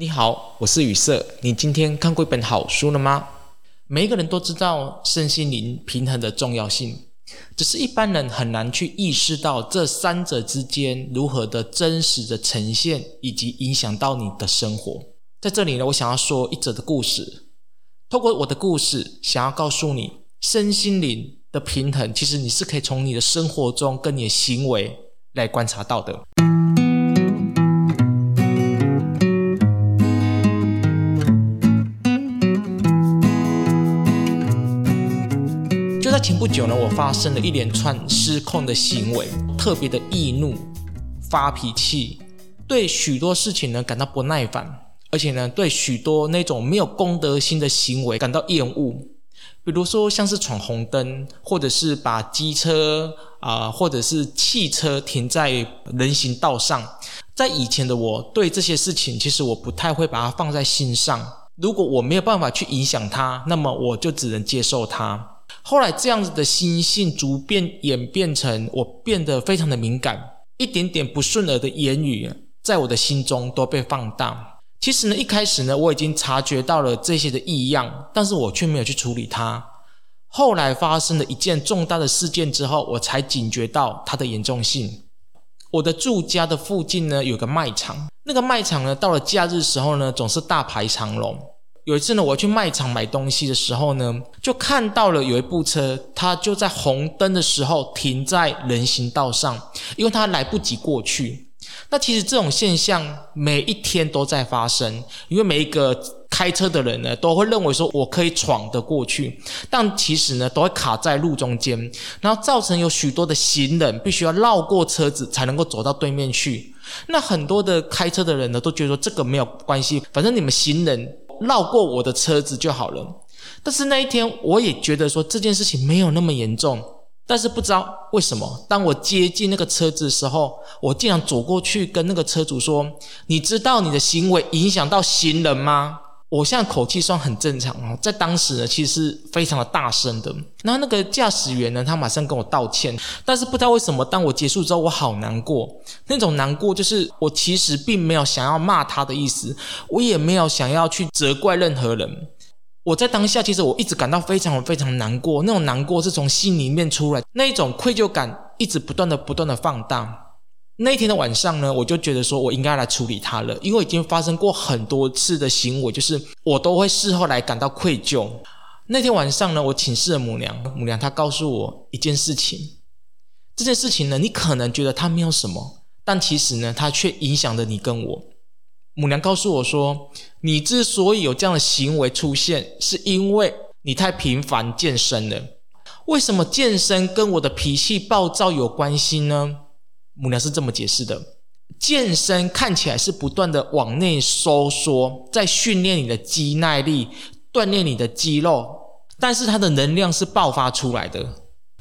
你好，我是宇色。你今天看過一本好書了嗎？每一個人都知道身心靈平衡的重要性，只是一般人很難去意識到這三者之間如何的真實的呈現，以及影響到你的生活。在這裡呢，我想要說一則的故事，透過我的故事，想要告訴你，身心靈的平衡，其實你是可以從你的生活中跟你的行為來觀察到的。不久呢，我發生了一連串失控的行為，特別的易怒、發脾氣，對許多事情呢感到不耐煩，而且呢對許多那種沒有公德心的行為感到厭惡，比如說像是闖紅燈，或者是把機車啊、呃、或者是汽車停在人行道上。在以前的我對這些事情，其實我不太會把它放在心上，如果我沒有辦法去影響它，那麼我就只能接受它。後來這樣子的心性逐漸演變成我變得非常的敏感，一點點不順耳的言語，在我的心中都被放大。其實呢，一開始呢，我已經察覺到了這些的異樣，但是我卻沒有去處理它。後來發生了一件重大的事件之後，我才警覺到它的嚴重性。我的住家的附近呢，有個賣場，那個賣場呢，到了假日時候呢，總是大排長龍。有一次呢，我去賣場買東西的時候呢，就看到了有一部車，它就在紅燈的時候停在人行道上，因為它來不及過去。那其實這種現象每一天都在發生，因為每一個開車的人呢，都會認為說我可以闖得過去，但其實呢，都會卡在路中間，然後造成有許多的行人必須要繞過車子才能夠走到對面去。那很多的開車的人呢，都覺得說這個沒有關係，反正你們行人。繞過我的車子就好了，但是那一天我也覺得說這件事情沒有那麼嚴重，但是不知道為什麼，當我接近那個車子的時候，我竟然走過去跟那個車主說：“你知道你的行為影響到行人嗎？”我現在口氣算很正常啊，在當時呢，其實是非常的大聲的。那那個駕駛員呢，他馬上跟我道歉，但是不知道為什麼，當我結束之後，我好難過。那種難過就是我其實並沒有想要罵他的意思，我也沒有想要去責怪任何人。我在當下其實我一直感到非常非常難過，那種難過是從心裡面出來，那一種愧疚感，一直不斷的不斷的放大。那天的晚上呢，我就覺得說，我應該來處理他了，因為已經發生過很多次的行為，就是我都會事後來感到愧疚。那天晚上呢，我請示了母娘，母娘她告訴我一件事情，這件事情呢，你可能覺得它沒有什麼，但其實呢，它卻影響了你跟我。母娘告訴我說，你之所以有這樣的行為出現，是因為你太頻繁健身了。為什麼健身跟我的脾氣暴躁有關係呢？母娘是這麼解釋的，健身看起來是不斷的往內收縮，在訓練你的肌耐力，鍛鍊你的肌肉，但是它的能量是爆發出來的。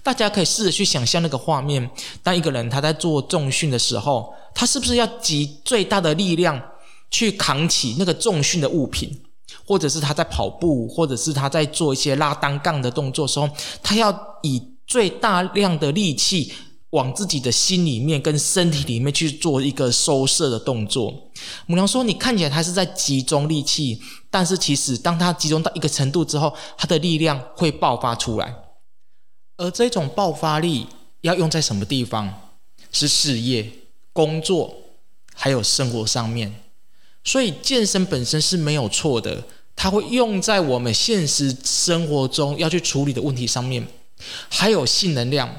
大家可以試着去想象那個畫面，當一個人他在做重訓的時候，他是不是要集最大的力量去扛起那個重訓的物品？或者是他在跑步，或者是他在做一些拉單槓的動作的時候，他要以最大量的力氣。往自己的心裡面跟身體裡面去做一個收攝的動作。母娘說：“你看起來他是在集中力氣，但是其實當他集中到一個程度之後，他的力量會爆發出來。而這種爆發力要用在什麼地方？是事業、工作，還有生活上面。所以健身本身是沒有錯的，它會用在我們現實生活中要去處理的問題上面，還有性能量。”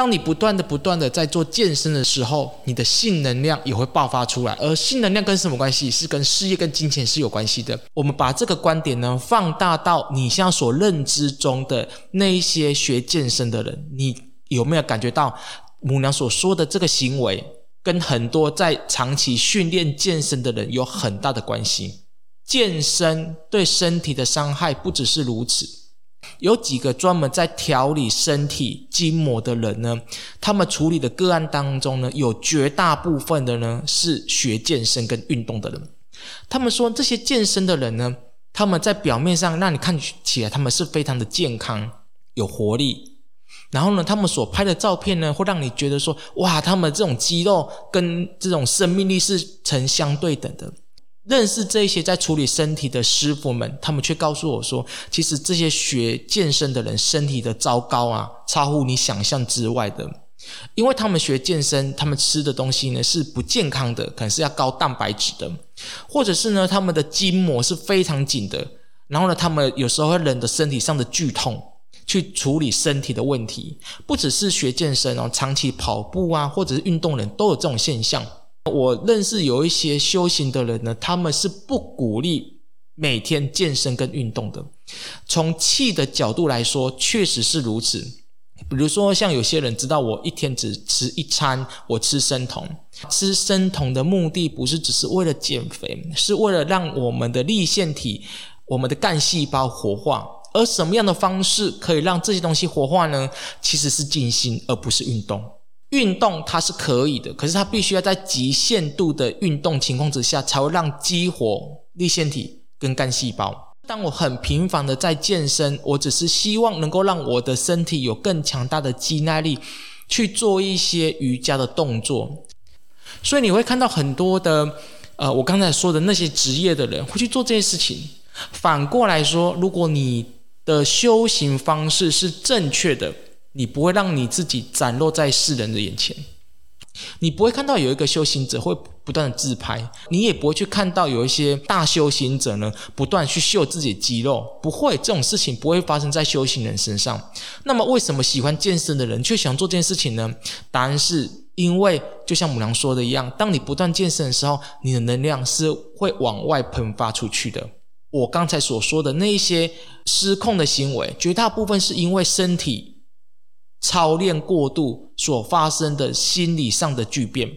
當你不斷的、不斷的在做健身的時候，你的性能量也會爆發出來。而性能量跟什麼關係？是跟事業、跟金錢是有關係的。我們把這個觀點呢放大到你現在所認知中的那些學健身的人，你有沒有感覺到母娘所說的這個行為跟很多在長期訓練健身的人有很大的關係？健身對身體的傷害不只是如此。有幾個專門在調理身體筋膜的人呢？他們處理的個案當中呢，有絕大部分的呢是學健身跟運動的人。他們說，這些健身的人呢，他們在表面上讓你看起來他們是非常的健康、有活力。然後呢，他們所拍的照片呢，會讓你覺得說，哇，他們這種肌肉跟這種生命力是呈相對等的。認識這一些在處理身體的師傅們，他們卻告訴我說，其實這些學健身的人身體的糟糕啊，超乎你想象之外的。因為他們學健身，他們吃的東西呢是不健康的，可能是要高蛋白質的，或者是呢他們的筋膜是非常緊的。然後呢，他們有時候會忍着身體上的劇痛去處理身體的問題。不只是學健身哦，長期跑步啊，或者是運動的人都有這種現象。我認識有一些修行的人呢，他們是不鼓勵每天健身跟運動的。從氣的角度來說，確實是如此。比如說，像有些人知道我一天只吃一餐，我吃生酮，吃生酮的目的不是只是為了減肥，是為了讓我們的粒線體、我們的幹細胞活化。而什麼樣的方式可以讓這些東西活化呢？其實是靜心，而不是運動。運動它是可以的，可是它必須要在極限度的運動情況之下，才會讓激活粒腺體跟幹細胞。當我很頻繁的在健身，我只是希望能夠讓我的身體有更強大的肌耐力，去做一些瑜伽的動作。所以你會看到很多的，呃，我剛才說的那些職業的人會去做這些事情。反過來說，如果你的修行方式是正確的。你不會讓你自己展露在世人的眼前，你不會看到有一個修行者會不斷的自拍，你也不會去看到有一些大修行者呢不斷去秀自己的肌肉，不會這種事情不會發生在修行人身上。那麼，為什麼喜歡健身的人卻想做這件事情呢？答案是因為就像母娘說的一樣，當你不斷健身的時候，你的能量是會往外噴發出去的。我剛才所說的那一些失控的行為，絕大部分是因為身體。操練過度所發生的心理上的巨變，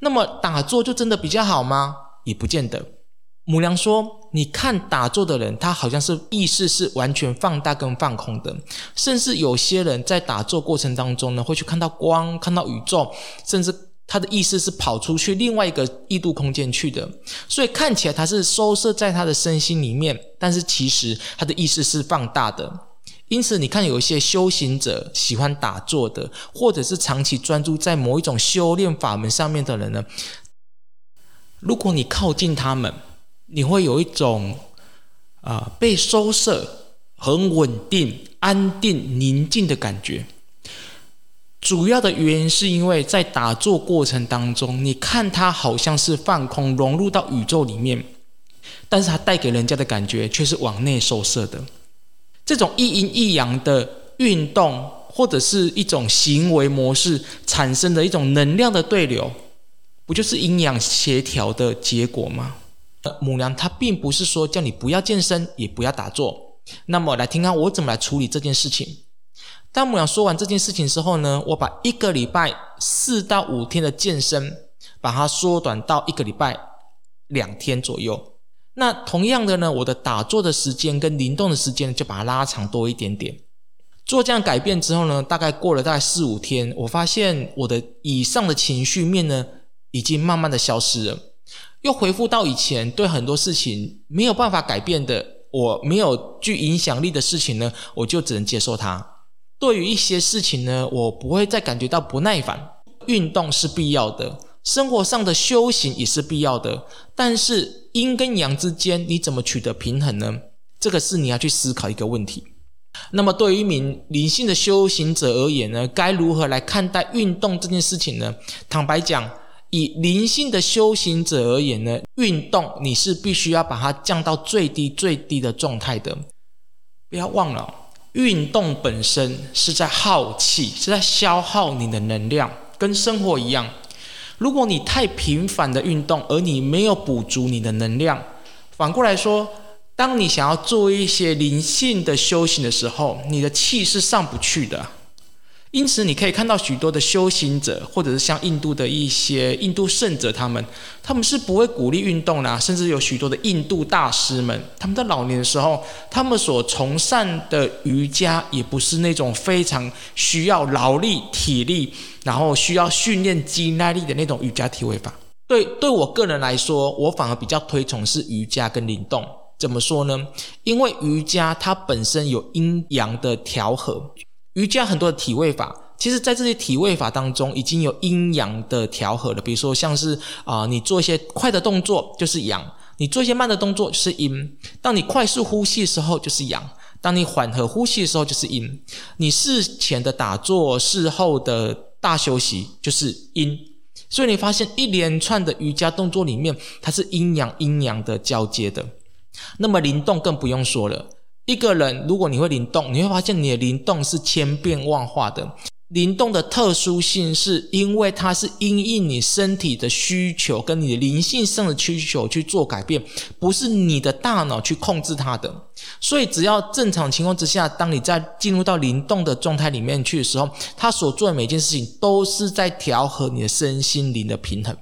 那麼打坐就真的比較好嗎？也不見得。母娘說：“你看打坐的人，他好像是意識是完全放大跟放空的，甚至有些人在打坐過程當中呢，會去看到光、看到宇宙，甚至他的意識是跑出去另外一個異度空間去的。所以看起來他是收攝在他的身心裡面，但是其實他的意識是放大的。”因此，你看有一些修行者喜歡打坐的，或者是長期專注在某一種修煉法門上面的人呢。如果你靠近他們，你會有一種啊、呃、被收攝、很穩定、安定、寧靜的感覺。主要的原因是因為在打坐過程當中，你看他好像是放空、融入到宇宙裡面，但是他帶給人家的感覺卻是往內收攝的。這種一陰一陽的運動，或者是一種行為模式產生的一種能量的對流，不就是陰陽協調的結果嗎？呃，母娘她並不是說叫你不要健身，也不要打坐。那麼來聽聽我怎麼來處理這件事情。當母娘說完這件事情之後呢，我把一個禮拜四到五天的健身，把它縮短到一個禮拜兩天左右。那同樣的呢，我的打坐的時間跟靈動的時間就把它拉長多一點點。做這樣改變之後呢，大概過了大概四五天，我發現我的以上的情緒面呢，已經慢慢的消失了，又恢復到以前對很多事情沒有辦法改變的，我沒有具影響力的事情呢，我就只能接受它。對於一些事情呢，我不會再感覺到不耐煩。運動是必要的。生活上的修行也是必要的，但是陰跟陽之間，你怎麼取得平衡呢？這個是你要去思考一個問題。那麼，對於一名靈性的修行者而言呢，該如何來看待運動這件事情呢？坦白講，以靈性的修行者而言呢，運動你是必須要把它降到最低最低的狀態的。不要忘了，運動本身是在耗氣，是在消耗你的能量，跟生活一樣。如果你太頻繁的運動，而你沒有補足你的能量，反過來說，當你想要做一些靈性的修行的時候，你的氣是上不去的。因此，你可以看到許多的修行者，或者是像印度的一些印度聖者，他們，他們是不會鼓勵運動啦、啊。甚至有許多的印度大師們，他們在老年的時候，他們所崇尚的瑜伽，也不是那種非常需要勞力體力，然後需要訓練肌耐力的那種瑜伽體位法。對，對我個人來說，我反而比較推崇是瑜伽跟靈動。怎麼說呢？因為瑜伽它本身有陰陽的調和。瑜伽很多的體位法，其實，在這些體位法當中，已經有陰陽的調和了。比如說，像是啊、呃，你做一些快的動作就是陽，你做一些慢的動作就是陰。當你快速呼吸的時候就是陽，當你緩和呼吸的時候就是陰。你事前的打坐，事後的大休息就是陰。所以，你發現一連串的瑜伽動作裡面，它是陰陽陰陽的交接的。那麼，靈動更不用說了。一個人，如果你會靈動，你會發現你的靈動是千變萬化的。靈動的特殊性是因為它是因應你身體的需求跟你的靈性上的需求去做改變，不是你的大腦去控制它的。所以，只要正常情況之下，當你在進入到靈動的狀態裡面去的時候，它所做的每件事情都是在調和你的身心靈的平衡。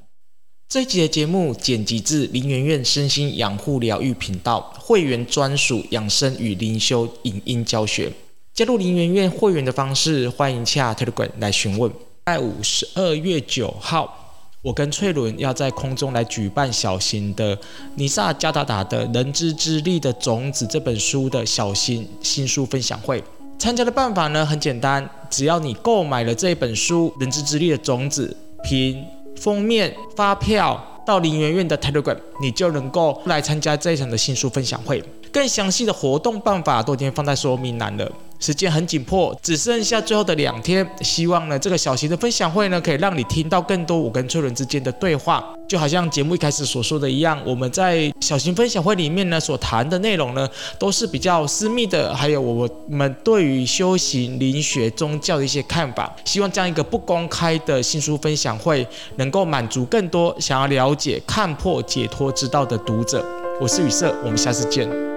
這一集的節目剪輯自靈元院身心養護療癒頻道會員專屬養生與靈修影音教學。加入靈元院會員的方式，歡迎洽 Telegram 來詢問。在五十二月九號，我跟翠倫要在空中來舉辦小型的尼薩加達達的《人之之力的種子》這本書的小型新書分享會。參加的辦法呢，很簡單，只要你購買了這本書《人之之力的種子》，拼。封面發票到靈元院的 Telegram，你就能夠來參加這一場的新書分享會。更詳細的活動辦法都已經放在說明欄了。時間很緊迫，只剩下最後的兩天。希望呢，這個小型的分享會呢，可以讓你聽到更多我跟崔倫之間的對話。就好像節目一開始所說的一樣，我們在小型分享會裡面呢，所談的內容呢，都是比較私密的，還有我們對於修行、靈學、宗教的一些看法。希望這樣一個不公開的新書分享會，能夠滿足更多想要了解、看破、解脫之道的讀者。我是宇色，我們下次見。